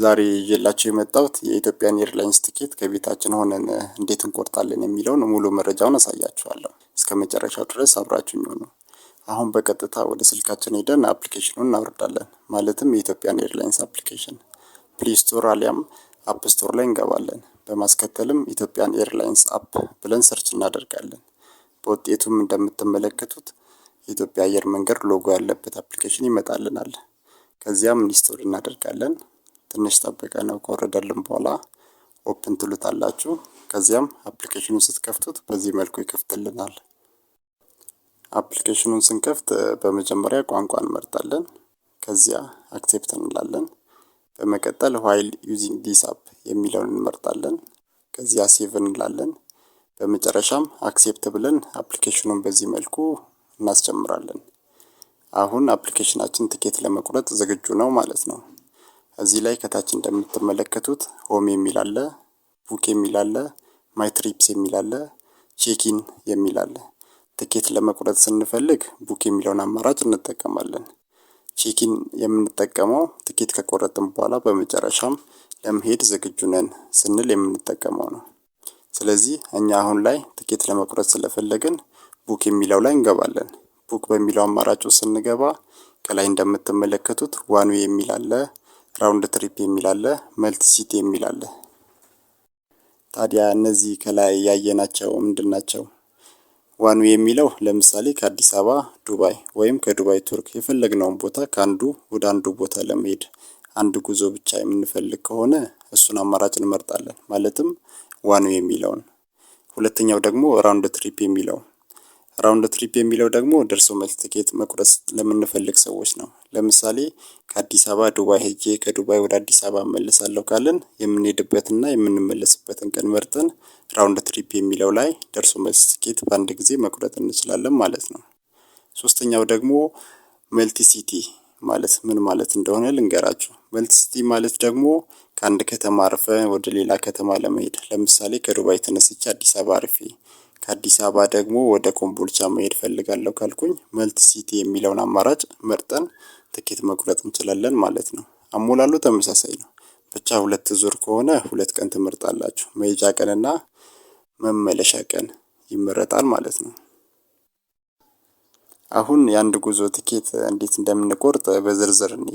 ዛሬ ይዤላችሁ የመጣሁት የኢትዮጵያን ኤርላይንስ ትኬት ከቤታችን ሆነን እንዴት እንቆርጣለን የሚለውን ሙሉ መረጃውን አሳያችኋለሁ። እስከ መጨረሻው ድረስ አብራችሁኝ ሆኑ። አሁን በቀጥታ ወደ ስልካችን ሄደን አፕሊኬሽኑን እናወርዳለን። ማለትም የኢትዮጵያን ኤርላይንስ አፕሊኬሽን ፕሌይ ስቶር አሊያም አፕ ስቶር ላይ እንገባለን። በማስከተልም ኢትዮጵያን ኤርላይንስ አፕ ብለን ሰርች እናደርጋለን። በውጤቱም እንደምትመለከቱት የኢትዮጵያ አየር መንገድ ሎጎ ያለበት አፕሊኬሽን ይመጣልናል። ከዚያም ኢንስቶል እናደርጋለን። ትንሽ ጠብቀ ነው ከወረደልን በኋላ ኦፕን ትሉታላችሁ። ከዚያም አፕሊኬሽኑን ስትከፍቱት በዚህ መልኩ ይከፍትልናል። አፕሊኬሽኑን ስንከፍት በመጀመሪያ ቋንቋ እንመርጣለን። ከዚያ አክሴፕት እንላለን። በመቀጠል ዋይል ዩዚንግ ዲስ አፕ የሚለውን እንመርጣለን። ከዚያ ሴቭ እንላለን። በመጨረሻም አክሴፕት ብለን አፕሊኬሽኑን በዚህ መልኩ እናስጀምራለን። አሁን አፕሊኬሽናችን ትኬት ለመቁረጥ ዝግጁ ነው ማለት ነው። እዚህ ላይ ከታች እንደምትመለከቱት ሆም የሚል አለ፣ ቡክ የሚል አለ፣ ማይ ትሪፕስ የሚል አለ፣ ቼኪን የሚል አለ። ትኬት ለመቁረጥ ስንፈልግ ቡክ የሚለውን አማራጭ እንጠቀማለን። ቼኪን የምንጠቀመው ትኬት ከቆረጥን በኋላ በመጨረሻም ለመሄድ ዝግጁ ነን ስንል የምንጠቀመው ነው። ስለዚህ እኛ አሁን ላይ ትኬት ለመቁረጥ ስለፈለግን ቡክ የሚለው ላይ እንገባለን። ቡክ በሚለው አማራጭ ውስጥ ስንገባ ከላይ እንደምትመለከቱት ዋንዌ የሚል አለ ራውንድ ትሪፕ የሚል አለ፣ መልቲ ሲት የሚል አለ። ታዲያ እነዚህ ከላይ ያየናቸው ምንድን ናቸው? ዋኑ የሚለው ለምሳሌ ከአዲስ አበባ ዱባይ ወይም ከዱባይ ቱርክ የፈለግነውን ቦታ ከአንዱ ወደ አንዱ ቦታ ለመሄድ አንድ ጉዞ ብቻ የምንፈልግ ከሆነ እሱን አማራጭ እንመርጣለን፣ ማለትም ዋኑ የሚለውን። ሁለተኛው ደግሞ ራውንድ ትሪፕ የሚለው ራውንድ ትሪፕ የሚለው ደግሞ ደርሶ መልስ ትኬት መቁረጥ ለምንፈልግ ሰዎች ነው። ለምሳሌ ከአዲስ አበባ ዱባይ ሄጄ ከዱባይ ወደ አዲስ አበባ መለሳለሁ ካለን የምንሄድበትና የምንመለስበትን ቀን መርጠን ራውንድ ትሪፕ የሚለው ላይ ደርሶ መልስ ትኬት በአንድ ጊዜ መቁረጥ እንችላለን ማለት ነው። ሶስተኛው ደግሞ መልቲ ሲቲ ማለት ምን ማለት እንደሆነ ልንገራችሁ። መልቲ ሲቲ ማለት ደግሞ ከአንድ ከተማ አርፈ ወደ ሌላ ከተማ ለመሄድ ለምሳሌ ከዱባይ ተነስቼ አዲስ አበባ አርፌ ከአዲስ አበባ ደግሞ ወደ ኮምቦልቻ መሄድ ፈልጋለሁ ካልኩኝ መልት ሲቲ የሚለውን አማራጭ መርጠን ትኬት መቁረጥ እንችላለን ማለት ነው። አሞላሉ ተመሳሳይ ነው። ብቻ ሁለት ዙር ከሆነ ሁለት ቀን ትመርጣላችሁ። መሄጃ ቀንና መመለሻ ቀን ይመረጣል ማለት ነው። አሁን የአንድ ጉዞ ትኬት እንዴት እንደምንቆርጥ በዝርዝር እኔ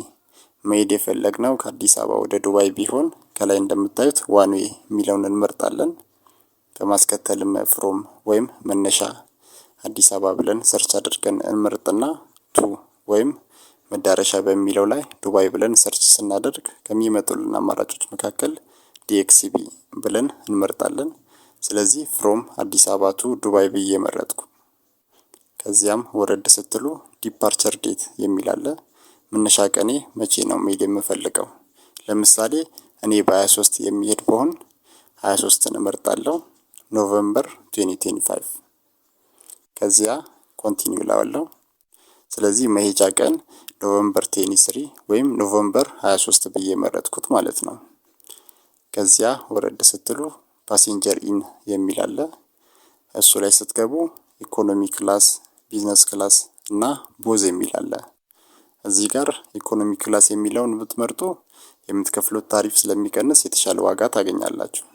መሄድ የፈለግነው ከአዲስ አበባ ወደ ዱባይ ቢሆን ከላይ እንደምታዩት ዋንዌ የሚለውን እንመርጣለን። በማስከተል ፍሮም ወይም መነሻ አዲስ አበባ ብለን ሰርች አድርገን እንመርጥና ቱ ወይም መዳረሻ በሚለው ላይ ዱባይ ብለን ሰርች ስናደርግ ከሚመጡልን አማራጮች መካከል ዲኤክሲቢ ብለን እንመርጣለን። ስለዚህ ፍሮም አዲስ አበባ ቱ ዱባይ ብዬ መረጥኩ። ከዚያም ወረድ ስትሉ ዲፓርቸር ዴት የሚል አለ። መነሻ ቀኔ መቼ ነው መሄድ የምፈልገው። ለምሳሌ እኔ በ23 የሚሄድ በሆን 23ን እመርጣለሁ። ኖቨምበር 2025 ከዚያ ኮንቲኒው ላለው። ስለዚህ መሄጃ ቀን ኖቨምበር 23 ወይም ኖቨምበር 23 ብዬ መረጥኩት ማለት ነው። ከዚያ ወረድ ስትሉ ፓሴንጀር ኢን የሚል አለ። እሱ ላይ ስትገቡ ኢኮኖሚ ክላስ፣ ቢዝነስ ክላስ እና ቦዝ የሚል አለ። እዚህ ጋር ኢኮኖሚ ክላስ የሚለውን ብትመርጡ የምትከፍሉት ታሪፍ ስለሚቀንስ የተሻለ ዋጋ ታገኛላችሁ።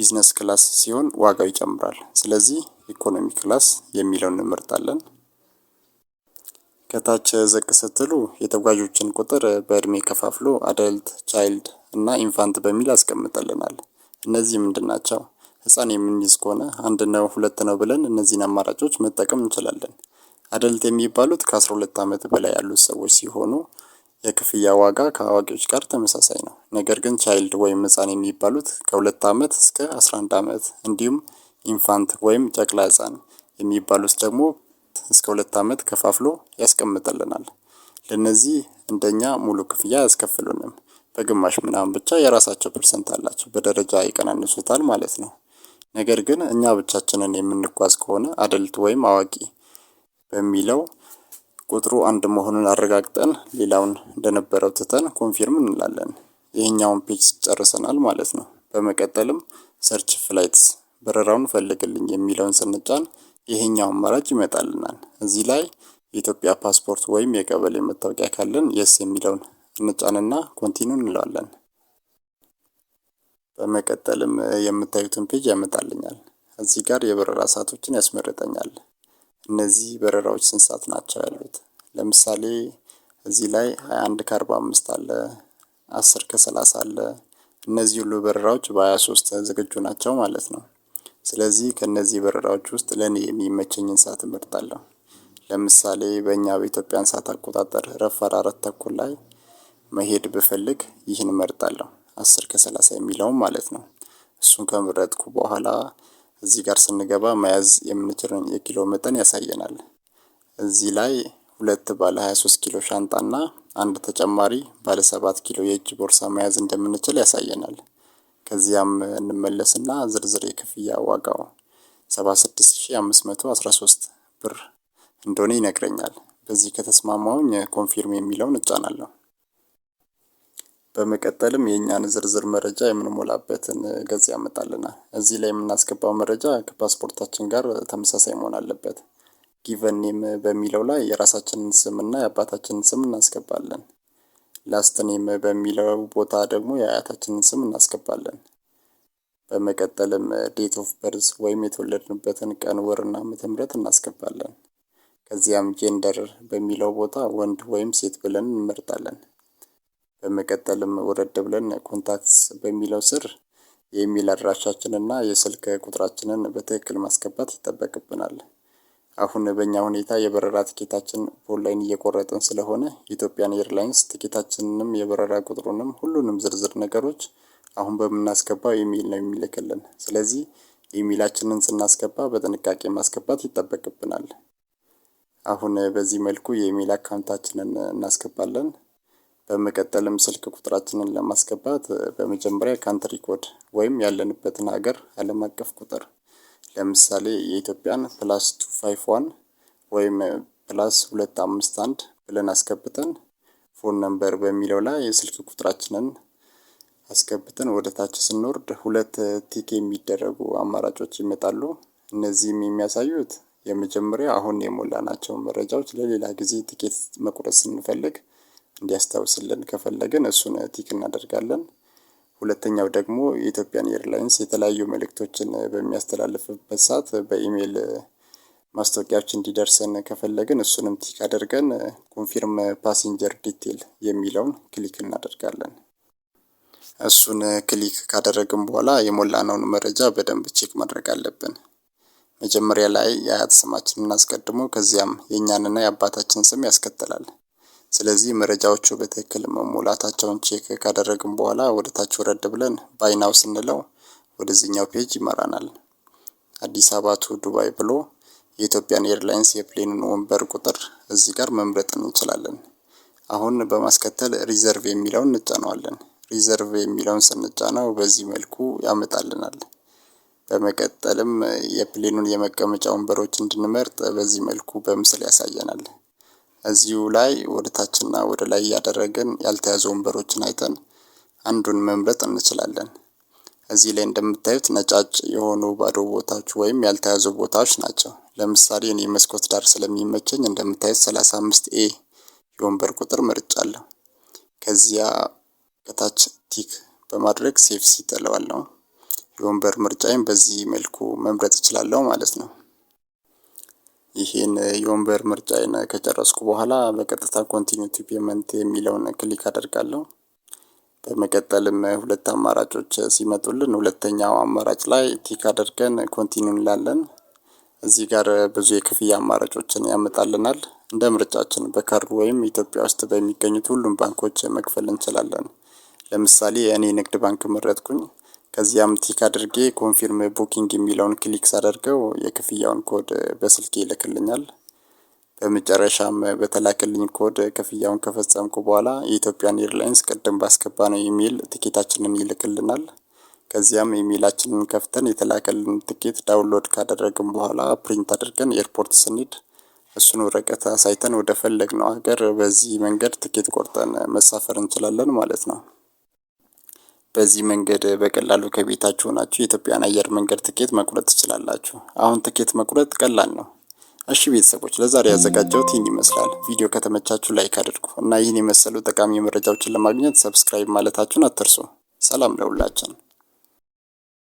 ቢዝነስ ክላስ ሲሆን ዋጋው ይጨምራል። ስለዚህ ኢኮኖሚ ክላስ የሚለውን እንመርጣለን። ከታች ዘቅ ስትሉ የተጓዦችን ቁጥር በእድሜ ከፋፍሎ አደልት፣ ቻይልድ እና ኢንፋንት በሚል ያስቀምጠልናል። እነዚህ ምንድን ናቸው? ህፃን የምንይዝ ከሆነ አንድ ነው ሁለት ነው ብለን እነዚህን አማራጮች መጠቀም እንችላለን። አደልት የሚባሉት ከ12 ዓመት በላይ ያሉት ሰዎች ሲሆኑ የክፍያ ዋጋ ከአዋቂዎች ጋር ተመሳሳይ ነው። ነገር ግን ቻይልድ ወይም ህፃን የሚባሉት ከሁለት ዓመት እስከ 11 ዓመት እንዲሁም ኢንፋንት ወይም ጨቅላ ህፃን የሚባሉት ደግሞ እስከ ሁለት ዓመት ከፋፍሎ ያስቀምጥልናል። ለነዚህ እንደኛ ሙሉ ክፍያ አያስከፍሉንም። በግማሽ ምናምን ብቻ የራሳቸው ፐርሰንት አላቸው። በደረጃ ይቀናንሱታል ማለት ነው። ነገር ግን እኛ ብቻችንን የምንጓዝ ከሆነ አደልት ወይም አዋቂ በሚለው ቁጥሩ አንድ መሆኑን አረጋግጠን ሌላውን እንደነበረው ትተን ኮንፊርም እንላለን። ይህኛውን ፔጅ ጨርሰናል ማለት ነው። በመቀጠልም ሰርች ፍላይትስ በረራውን ፈልግልኝ የሚለውን ስንጫን ይህኛው አማራጭ ይመጣልናል። እዚህ ላይ የኢትዮጵያ ፓስፖርት ወይም የቀበሌ መታወቂያ ካለን የስ የሚለውን እንጫንና ኮንቲኑ እንለዋለን። በመቀጠልም የምታዩትን ፔጅ ያመጣልኛል። እዚህ ጋር የበረራ ሰዓቶችን ያስመርጠኛል። እነዚህ በረራዎች ስንት ሰዓት ናቸው ያሉት? ለምሳሌ እዚህ ላይ 21 ከ45 አለ፣ 10 ከ30 አለ። እነዚህ ሁሉ በረራዎች በ23 ዝግጁ ናቸው ማለት ነው። ስለዚህ ከእነዚህ በረራዎች ውስጥ ለእኔ የሚመቸኝን ሰዓት እመርጣለሁ። ለምሳሌ በእኛ በኢትዮጵያን ሰዓት አቆጣጠር ረፋድ አራት ተኩል ላይ መሄድ ብፈልግ ይህን እመርጣለሁ፣ 10 ከ30 የሚለውም ማለት ነው። እሱን ከመረጥኩ በኋላ እዚህ ጋር ስንገባ መያዝ የምንችለውን የኪሎ መጠን ያሳየናል። እዚህ ላይ ሁለት ባለ 23 ኪሎ ሻንጣ እና አንድ ተጨማሪ ባለ 7 ኪሎ የእጅ ቦርሳ መያዝ እንደምንችል ያሳየናል። ከዚያም እንመለስና ዝርዝር የክፍያ ዋጋው 76513 ብር እንደሆነ ይነግረኛል። በዚህ ከተስማማውኝ ኮንፊርም የሚለውን እጫናለሁ። በመቀጠልም የእኛን ዝርዝር መረጃ የምንሞላበትን ገጽ ያመጣልናል። እዚህ ላይ የምናስገባው መረጃ ከፓስፖርታችን ጋር ተመሳሳይ መሆን አለበት። ጊቨን ኔም በሚለው ላይ የራሳችንን ስም እና የአባታችንን ስም እናስገባለን። ላስት ኔም በሚለው ቦታ ደግሞ የአያታችንን ስም እናስገባለን። በመቀጠልም ዴት ኦፍ በርዝ ወይም የተወለድንበትን ቀን ወርና ዓመተ ምህረት እናስገባለን። ከዚያም ጄንደር በሚለው ቦታ ወንድ ወይም ሴት ብለን እንመርጣለን። በመቀጠልም ወረድ ብለን ኮንታክትስ በሚለው ስር የኢሜል አድራሻችንና የስልክ ቁጥራችንን በትክክል ማስገባት ይጠበቅብናል። አሁን በእኛ ሁኔታ የበረራ ትኬታችን በኦንላይን እየቆረጥን ስለሆነ ኢትዮጵያን ኤርላይንስ ትኬታችንንም የበረራ ቁጥሩንም ሁሉንም ዝርዝር ነገሮች አሁን በምናስገባው ኢሜል ነው የሚልክልን። ስለዚህ ኢሜላችንን ስናስገባ በጥንቃቄ ማስገባት ይጠበቅብናል። አሁን በዚህ መልኩ የኢሜል አካውንታችንን እናስገባለን። በመቀጠልም ስልክ ቁጥራችንን ለማስገባት በመጀመሪያ ካንትሪ ኮድ ወይም ያለንበትን ሀገር ዓለም አቀፍ ቁጥር ለምሳሌ የኢትዮጵያን ፕላስ ቱ ፋይቭ ዋን ወይም ፕላስ ሁለት አምስት አንድ ብለን አስገብተን ፎን ነምበር በሚለው ላይ የስልክ ቁጥራችንን አስገብተን ወደ ታች ስንወርድ ሁለት ቲክ የሚደረጉ አማራጮች ይመጣሉ። እነዚህም የሚያሳዩት የመጀመሪያ አሁን የሞላናቸው መረጃዎች ለሌላ ጊዜ ትኬት መቁረጥ ስንፈልግ እንዲያስታውስልን ከፈለግን እሱን ቲክ እናደርጋለን። ሁለተኛው ደግሞ የኢትዮጵያን ኤርላይንስ የተለያዩ መልእክቶችን በሚያስተላልፍበት ሰዓት በኢሜይል ማስታወቂያዎች እንዲደርሰን ከፈለግን እሱንም ቲክ አድርገን ኮንፊርም ፓሴንጀር ዲቴል የሚለውን ክሊክ እናደርጋለን። እሱን ክሊክ ካደረግን በኋላ የሞላነውን መረጃ በደንብ ቼክ ማድረግ አለብን። መጀመሪያ ላይ የአያት ስማችንን አስቀድሞ ከዚያም የእኛንና የአባታችን ስም ያስከትላል። ስለዚህ መረጃዎቹ በትክክል መሙላታቸውን ቼክ ካደረግን በኋላ ወደ ታች ወረድ ብለን ባይናው ስንለው ወደዚህኛው ፔጅ ይመራናል። አዲስ አበባ ቱ ዱባይ ብሎ የኢትዮጵያን ኤርላይንስ የፕሌንን ወንበር ቁጥር እዚህ ጋር መምረጥ እንችላለን። አሁን በማስከተል ሪዘርቭ የሚለውን እንጫነዋለን። ሪዘርቭ የሚለውን ስንጫነው በዚህ መልኩ ያመጣልናል። በመቀጠልም የፕሌኑን የመቀመጫ ወንበሮች እንድንመርጥ በዚህ መልኩ በምስል ያሳየናል። እዚሁ ላይ ወደ ታችና ወደ ላይ እያደረግን ያልተያዙ ወንበሮችን አይተን አንዱን መምረጥ እንችላለን። እዚህ ላይ እንደምታዩት ነጫጭ የሆኑ ባዶ ቦታዎች ወይም ያልተያዙ ቦታዎች ናቸው። ለምሳሌ እኔ መስኮት ዳር ስለሚመቸኝ እንደምታዩት ሰላሳ ኤ የወንበር ቁጥር መርጫለሁ። ከዚያ ከታች ቲክ በማድረግ ሴፍ ሲጠለዋለሁ። የወንበር ምርጫይም በዚህ መልኩ መምረጥ እችላለሁ ማለት ነው። ይሄን የወንበር ምርጫዬን ከጨረስኩ በኋላ በቀጥታ ኮንቲኒ ፔመንት የሚለውን ክሊክ አደርጋለሁ። በመቀጠልም ሁለት አማራጮች ሲመጡልን ሁለተኛው አማራጭ ላይ ቲክ አድርገን ኮንቲኒ እንላለን። እዚህ ጋር ብዙ የክፍያ አማራጮችን ያመጣልናል። እንደ ምርጫችን በካርድ ወይም ኢትዮጵያ ውስጥ በሚገኙት ሁሉም ባንኮች መክፈል እንችላለን። ለምሳሌ እኔ ንግድ ባንክ መረጥኩኝ። ከዚያም ቲክ አድርጌ ኮንፊርም ቡኪንግ የሚለውን ክሊክ ሳደርገው የክፍያውን ኮድ በስልኬ ይልክልኛል። በመጨረሻም በተላከልኝ ኮድ ክፍያውን ከፈጸምኩ በኋላ የኢትዮጵያን ኤርላይንስ ቅድም ባስገባ ነው ኢሜይል ትኬታችንን ይልክልናል። ከዚያም ኢሜይላችንን ከፍተን የተላከልን ትኬት ዳውንሎድ ካደረግን በኋላ ፕሪንት አድርገን ኤርፖርት ስንሄድ እሱን ወረቀት አሳይተን ወደ ፈለግነው ሀገር በዚህ መንገድ ትኬት ቆርጠን መሳፈር እንችላለን ማለት ነው። በዚህ መንገድ በቀላሉ ከቤታችሁ ናችሁ የኢትዮጵያን አየር መንገድ ትኬት መቁረጥ ትችላላችሁ። አሁን ትኬት መቁረጥ ቀላል ነው። እሺ ቤተሰቦች ለዛሬ ያዘጋጀሁት ይህን ይመስላል። ቪዲዮ ከተመቻችሁ ላይክ አድርጉ እና ይህን የመሰሉ ጠቃሚ መረጃዎችን ለማግኘት ሰብስክራይብ ማለታችሁን አትርሱ። ሰላም ለሁላችን።